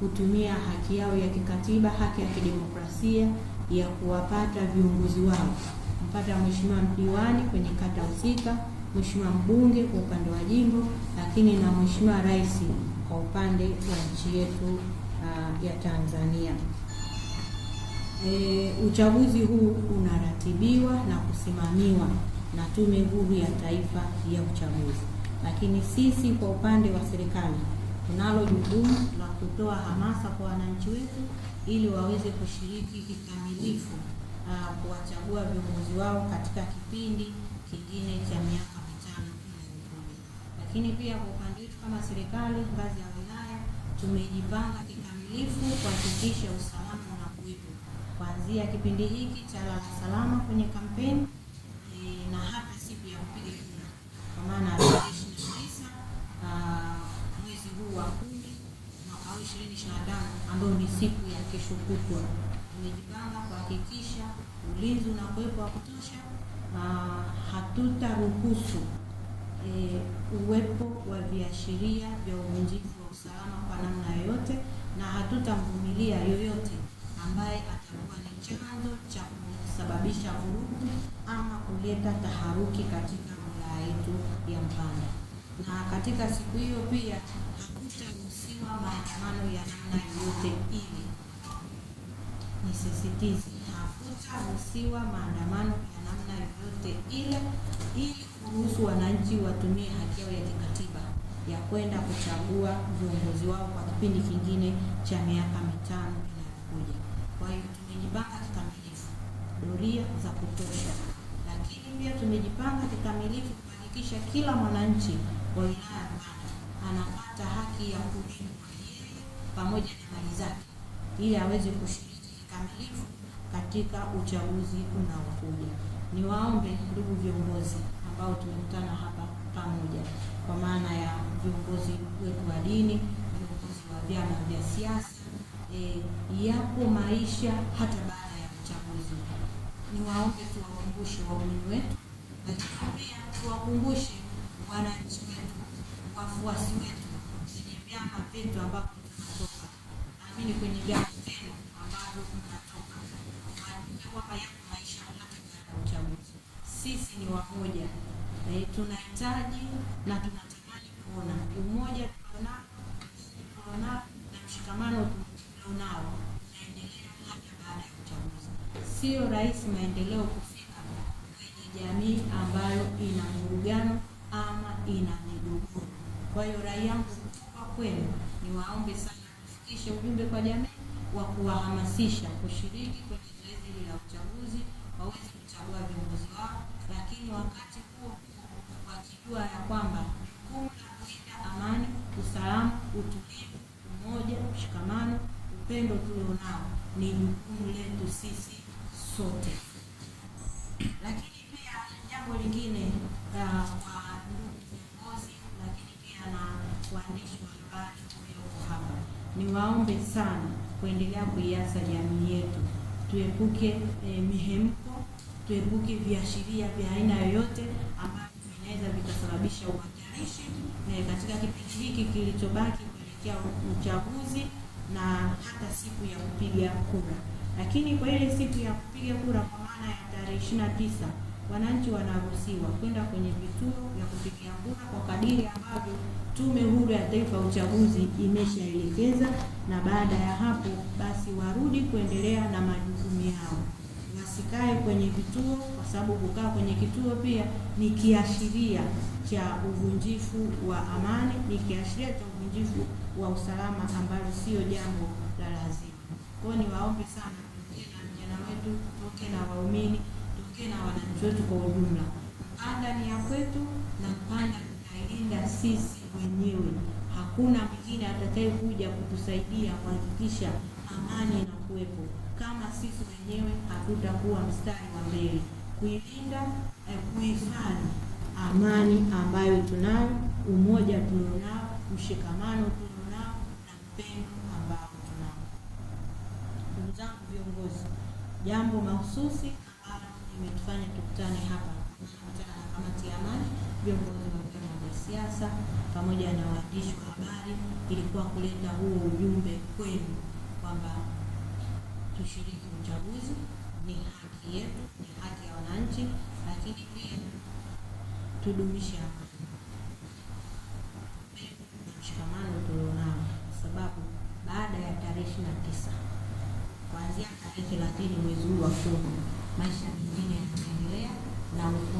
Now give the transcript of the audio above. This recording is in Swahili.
kutumia haki yao ya kikatiba, haki ya kidemokrasia ya kuwapata viongozi wao, mpata mheshimiwa mdiwani kwenye kata husika, mheshimiwa mbunge kwa upande wa jimbo, lakini na mheshimiwa rais kwa upande wa nchi yetu uh, ya Tanzania. E, uchaguzi huu unaratibiwa na kusimamiwa na Tume Huru ya Taifa ya Uchaguzi, lakini sisi kwa upande wa serikali tunalo jukumu la kutoa hamasa kwa wananchi wetu ili waweze kushiriki kikamilifu uh, kuwachagua viongozi wao katika kipindi kingine cha miaka mitano inayokua. Lakini pia kwa upande wetu kama serikali ngazi ya wilaya tumejipanga kikamilifu kuhakikisha usalama unakuwepo kuanzia kipindi hiki cha lala salama kwenye kampeni e, na hata siku ya kupiga kura kwa maana 25 ambayo ni siku ya kesho kutwa, tumejipanga kuhakikisha ulinzi unakuwepo wa kutosha na hatutaruhusu e, uwepo wa viashiria vya uvunjifu wa usalama kwa namna yoyote, na hatutamvumilia yoyote ambaye atakuwa ni chanzo cha kusababisha vurugu ama kuleta taharuki katika wilaya yetu ya Mpanda na katika siku hiyo pia hakutaruhusiwa maandamano ya namna yoyote ile. Nisisitize, hakutaruhusiwa maandamano ya namna yoyote ile ili kuruhusu wananchi watumie haki yao ya kikatiba ya kwenda kuchagua viongozi wao kwa kipindi kingine cha miaka mitano inayokuja. Kwa hiyo tumejipanga kikamilifu, doria za kutosha, lakini pia tumejipanga kikamilifu kuhakikisha kila mwananchi wa wilaya anapata haki ya kuishi pamoja na mali zake ili aweze kushiriki kikamilifu katika uchaguzi unaokuja. Niwaombe ndugu viongozi ambao tumekutana hapa pamoja, kwa maana ya viongozi wetu wa dini, viongozi wa vyama vya siasa e, yapo maisha hata baada ya uchaguzi. Niwaombe tuwakumbushe waumini wetu, lakini pia tuwakumbushe wananchi wetu, wafuasi wetu kwenye vyama vyetu ambavyo tunatoka, naamini kwenye vyama vyenu ambavyo tunatoka, wajue kwamba yako maisha hata ya uchaguzi. Sisi ni wamoja, tunahitaji na tunatamani kuona umoja na mshikamano tulionao baada ya uchaguzi. Sio rahisi maendeleo kufika kwenye jamii ambayo ina kwa hiyo rai yangu kwa kwenu ni waombe sana kufikisha ujumbe kwa jamii wa kuwahamasisha kushiriki kwenye zoezi hili la uchaguzi, waweze kuchagua viongozi wao, lakini wakati huo wakijua ya kwamba jukumu la kulinda amani, usalama, utulivu, umoja, mshikamano, upendo tulionao ni jukumu letu sisi sote. Lakini pia jambo lingine Niwaombe sana kuendelea kuiasa jamii yetu, tuepuke eh, mihemko, tuepuke viashiria vya aina yoyote ambavyo vinaweza vikasababisha uhatarishi eh, katika kipindi hiki kilichobaki kuelekea uchaguzi na hata siku ya kupiga kura. Lakini kwa ile siku ya kupiga kura, kwa maana ya tarehe ishirini na tisa wananchi wanaruhusiwa kwenda kwenye vituo vya kupigia kura kwa kadiri ambavyo Tume Huru ya Taifa ya Uchaguzi imeshaelekeza, na baada ya hapo basi warudi kuendelea na majukumu yao, wasikae kwenye vituo, kwa sababu kukaa kwenye kituo pia ni kiashiria cha uvunjifu wa amani, ni kiashiria cha uvunjifu wa usalama, ambalo sio jambo la lazima. Kwa hiyo niwaombe sana vijana wetu toke na waumini tuongee na wananchi wetu kwa ujumla, anga ni ya kwetu na panda tutailinda sisi wenyewe. Hakuna mwingine atakayekuja kutusaidia kuhakikisha amani na kuwepo kama sisi wenyewe hatutakuwa mstari wa mbele kuilinda eh, kuhifadhi amani ambayo tunayo, umoja tulionao, mshikamano tulionao na mpendo ambao tunao. Ndugu zangu viongozi, jambo mahususi imetufanya tukutane hapa kukutana na kamati ya amani, viongozi wa vyama vya siasa pamoja na waandishi wa habari, ilikuwa kuleta huo ujumbe kwenu kwamba tushiriki uchaguzi, ni haki yetu, ni haki ya wananchi, lakini pia tudumishe amani, mshikamano tulionao, kwa sababu baada ya tarehe ishirini na tisa kuanzia tarehe thelathini mwezi huu wa kumi maisha mengine yanaendelea na